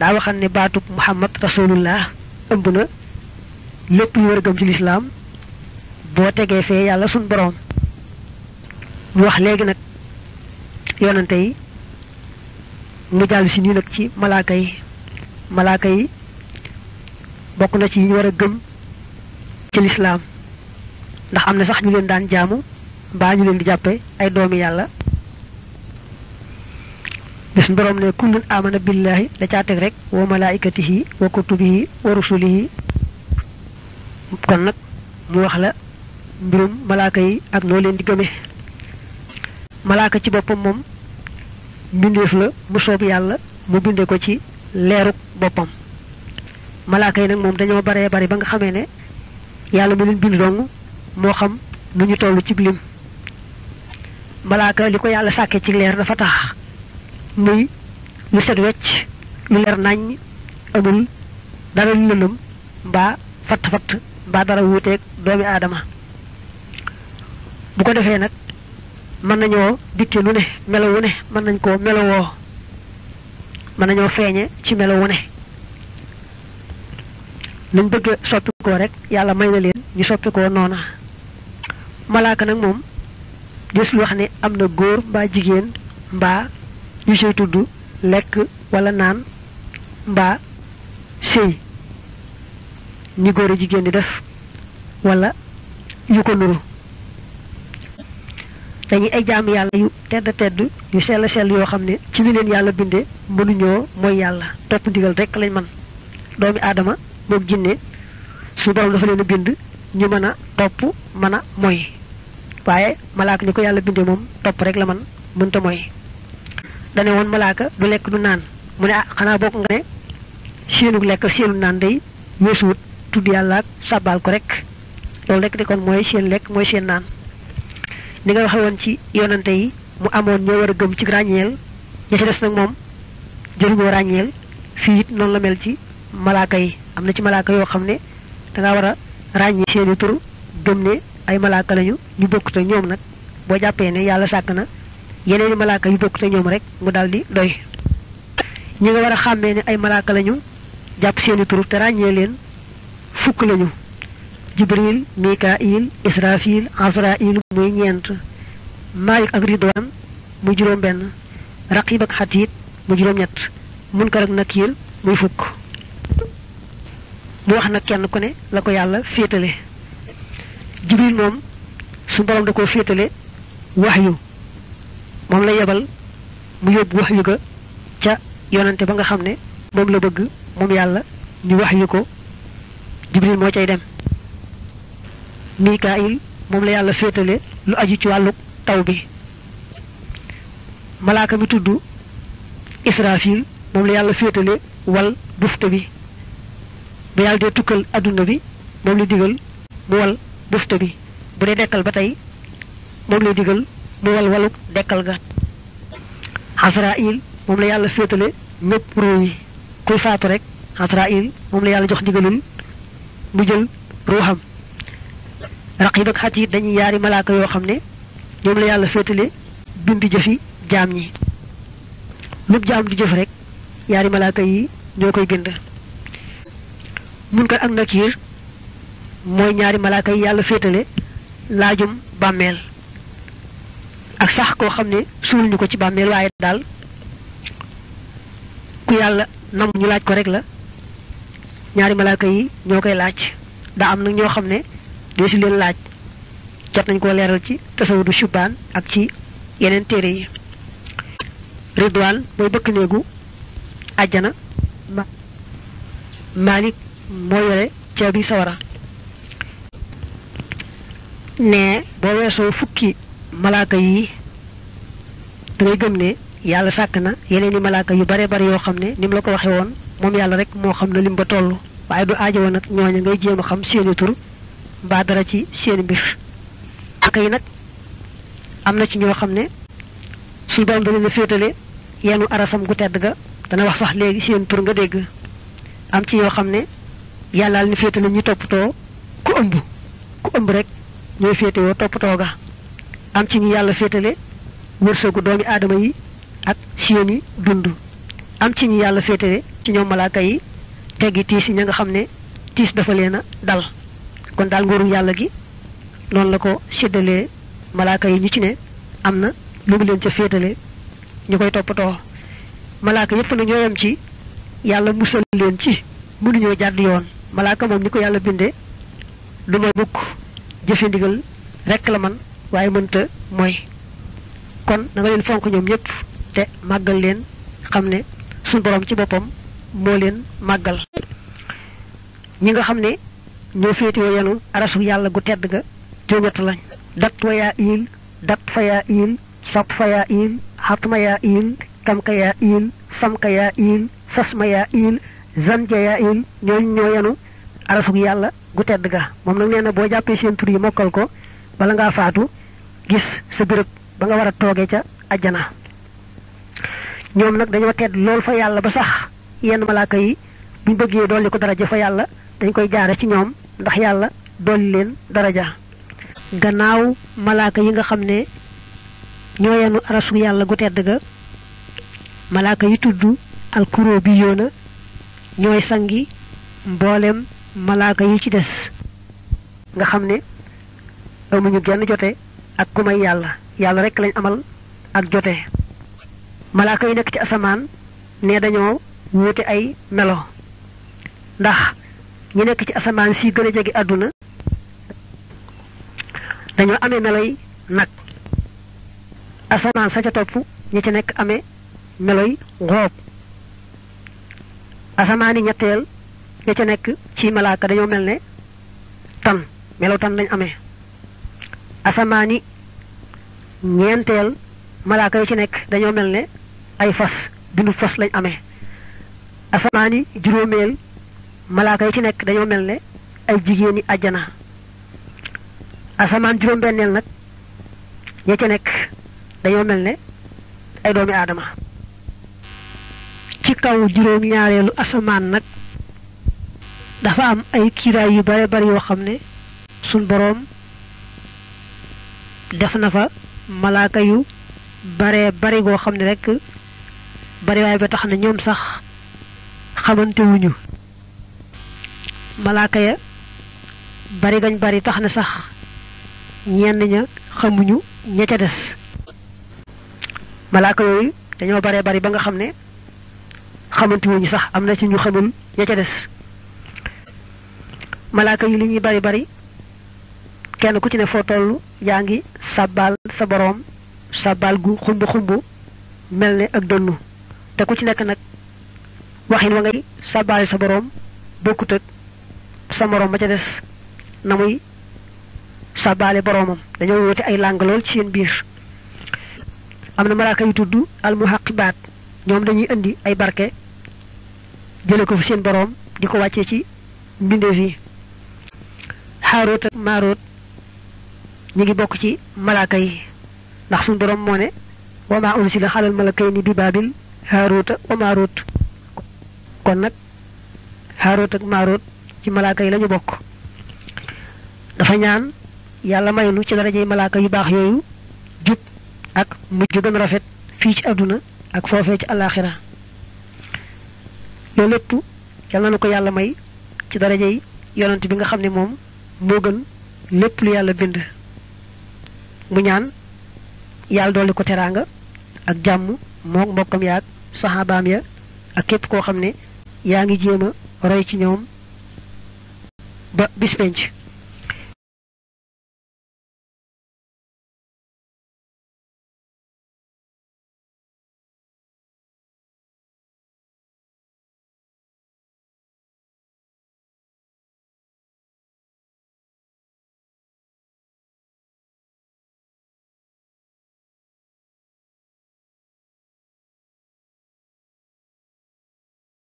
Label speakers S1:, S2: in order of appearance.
S1: daa waxan ne baatub muhammad rasulullah ëmb na lépp lu war gëm ci lislaam boo tegee fee yàlla suñ boroom mu wax léegi nag yonante yi mu jàll si nii nag ci malaaka yi malaaka yi bokk na ci yi ñu war a gëm ci lislaam ndax am na sax ñu leen daan jaamu mbaa ñu leen di jàppe ay doomi yàlla bis borom ne kullun amana billahi da caa teg rek wa malaikatihi wa kutubihi wa yi kon nag mu wax la mbirum malaaka yi ak noo leen di gëmee malaaka ci boppam moom mbindeef la mu soob yàlla mu binde ko ci leeruk boppam malaaka yi nag moom dañoo baree bari ba nga xamee ne yàlla mu leen bind dong moo xam nu ñu toll ci bilim malaaka li ko yàlla sàkkee ci leer dafa tax muy lu set wecc lu leer naññ amul dara lu lëndëm mbaa fatt fatt mbaa dara wuuteeg doomi aadama bu ko defee nag mën nañoo dikke lu ne melo ne mën nañ koo melowoo mën nañoo feeñe ci melo wu ne lañ bëgg soppi koo rek yàlla may na leen ñu soppe ko noona malaaka nag moom des lu wax ne am na góor mbaa jigéen mbaa yu sey tuddu lek wala naan mba sey ni góor jigen di def wala yu ko nuru dañuy ay jaam yalla yu tedd tedd yu sel sel yo xamne ci li leen yàlla binde ñoo moy yalla top digal rek lañ man doomi adama boog jinne su borom dafa bind ñu mëna top mëna moy waye malaak ni ko yalla binde mom top rek la man ta moy dane woon malaaka du lekk du naan mu ne ah xanaa bokk nga ne seenu lekk seenu naan day weesuwut tudd yàlla ak sàbbaal ko rek loolu rek de kon mooy seen lekk mooy seen naan ni nga waxe ci yonante yi mu amoon ñoo war a gëm ci ràññeel ña ci des nag moom jëruñoo ràññeel fii it noonu la mel ci malaaka yi am na ci malaaka yoo xam ne danga war a ràññee seeni tur gëm ne ay malaaka lañu ñu bokkut ak ñoom nag boo jàppee ne yàlla sàkk na yeneeni malaaka yu bokk te ñoom rek mu daal di doy ñi nga war a xàmmee ne ay malaaka lañu jàpp seeni tur te ràññee leen fukk lañu jibril mikail israfil azrail muy ñeent malik ak ridwan mu juróom benn raqib ak xatiit mu juróom ñett munkar ak nakiir muy fukk mu wax na kenn ko ne la ko yàlla féetale jibril moom su borom da koo féetale wax yu moom la yebal mu yóbbu wax yu ga ca yonante ba nga xam ne moom la bëgg moom yàlla ñu wax yu ko jibril moo cay dem mikaayil moom la yàlla féetale lu aju ci wàllu taw bi malaaka mi tudd israfil moom la yàlla féetale wal bufte bi ba yàlla dee tukkal adduna bi moom la digal mu wal bufte bi bu dee dekkal ba tey moom lay digal mu walwalu dekkal ga Asraayil moom la yàlla féetale ñëpp ruu yi kuy faatu rek Asraayil moom la yàlla jox ndigalul mu jël ruuxam raqiib ak xatiit dañuy yaari malaaka yoo xam ne ñoom la yàlla féetale bind jëfi jaam yi lu jaam di jëf rek yaari malaaka yi ñoo koy bind Munkar ak Nakiir mooy ñaari malaaka yi yàlla féetale laajum bàmmeel ak sax koo xam ne suul ñu ko ci bàmmeel waaye daal ku yàlla nam ñu laaj ko rek la ñaari malaaka yi ñoo koy laaj daa am nag ñoo xam ne dee si leen laaj jot nañ koo leeral ci tasawudu shubaan ak ci yeneen téere yi ridwaan mooy bëkk néegu àjjana maalik moo yore caabi sawara ne boo weesoo fukki malaaka yii dangay gëm ne yàlla sàkk na yeneen i malaaka yu bare bare yoo xam ne ni mu la ko waxee woon moom yàlla rek moo xam na lim ba toll waaye du aajowoo nag a ngay jéem a xam seeni tur mbaa dara ci seen mbir aka yi nag am na ci ñoo xam ne suñu borom da leen a féetale yenu arasam gu tedd ga dana wax sax léegi seen tur nga dégg am ci ñoo xam ne yàllaal ni féetale ñu toppatoo ku ëmb ku ëmb rek ñooy féetewoo toppatoo ga am ci ñu yàlla féetale wërsëgu doomi aadama yi ak seeni dund am ci ñu yàlla féetale ci ñoom malaaka yi teggi tiis yi ña nga xam ne tiis dafa leen a dal kon daal nguuru yàlla gi noonu la ko séddalee malaaka yi ñu ci ne am na lu mu leen ca féetale ñu koy toppatoo malaaka yépp na ñooyam ci yàlla musal leen ci mënuñoo jàdd yoon malaaka moom ni ko yàlla bindee du ma bukk jëfe ndigal rekk la man waaye mënta mooy kon na leen fonk ñoom ñëpp te màggal leen xam ne suñu borom ci boppam moo leen màggal ñi nga xam ne ñoo féetewoo yenu arasu yàlla gu tedd ga juróom-ñett lañ dat wa yaa iil dat fa yaa iil sap fa yaa iil xatma yaa iil tamka yaa iil samka yaa iil sasma yaa iil zanja yaa iil ñooñu ñoo yenu arasu yàlla gu tedd ga moom nag nee na boo jàppee seen tur yi mokkal ko bala ngaa faatu gis sa birab ba nga wara toge ca aljana ñoom nag dañoo teet lool fa yàlla ba sax yenn malaaka yi buñ bëggee dolli ko daraja fa yàlla dañ koy jaare ci ñoom ndax yàlla dolli leen daraja gannaaw malaaka yi nga xam ne ñoo yenu gu tedd ga malaaka yi tudd bi yoona ñooy sangi mboolem malaaka yi ci des nga xam ne amuñu genn jote ak ku yàlla yàlla rek lañ amal ak jote malaaka yi nekk ci asamaan ne dañoo wuute ay melo ndax ñi nekk ci asamaan si gën a jege àdduna dañoo amee yi nag asamaan sa ca topp ñi ci nekk amee meloy ngoob asamaani ñetteel ña ca nekk ci malaaka dañoo mel ne tan melo tan lañ amee asamaan yi ñeenteel malaaka yu ci nekk dañoo mel ne ay fas bindu fas lañ amee yi juróomeel malaaka yu ci nekk dañoo mel ne ay jigéeni àjjana asamaan juróom-benneel nag ña ci nekk dañoo mel ne ay doomi aadama ci kaw juróom-ñaareelu asamaan nag dafa am ay kiiraay yu bare bari yoo xam ne suñ boroom def na fa malaaka yu bare bari goo xam ne rek bariwaay ba tax na ñoom sax xamantewuñu wuñu malaaka ya bari gañ bari tax na sax ñenn ña xamuñu ña ca des malaaka yooyu dañoo baree bari ba nga xam ne xamante wuñu sax am na ci ñu xamul ña ca des malaaka yi li ñuy bari bari kenn ku ci ne foo toll yaa ngi sàbbaal sa boroom sàbbaal gu xumb xumb mel ne ak donnu te ku ci nekk nag waxin wa ngay sàbbaale sa boroom bokkut sa moroom ba ca des na muy sàbbaale boroomam dañoo woote ay làng ci seen biir am na malaaka yu tudd almuhaqibaat ñoom dañuy indi ay barke jële ko fi seen boroom di ko wàccee ci mbindeef yi xaaroot maaroot ñi ngi bokk ci malaaka yi ndax suñu borom moo ne wa ma Harut xalal ni bi babil haaruta wa marut kon nag harut ak marut ci malaaka yi lañu bokk dafa ñaan yàlla maynu ci darajey malaaka yu baax yooyu jub ak mujj gën rafet fii ci àdduna ak foofee ci alaxira loolu lépp yàlla na ko yàlla may ci darajey yonent bi nga xam ne moom gën lépp lu yàlla bind mu ñaan yàlla dolli ko teraanga ak jàmm moog mbokkam yaag saxaabaam ya ak képp koo xam ne yaa ngi jéem a roy ci ñoom ba bis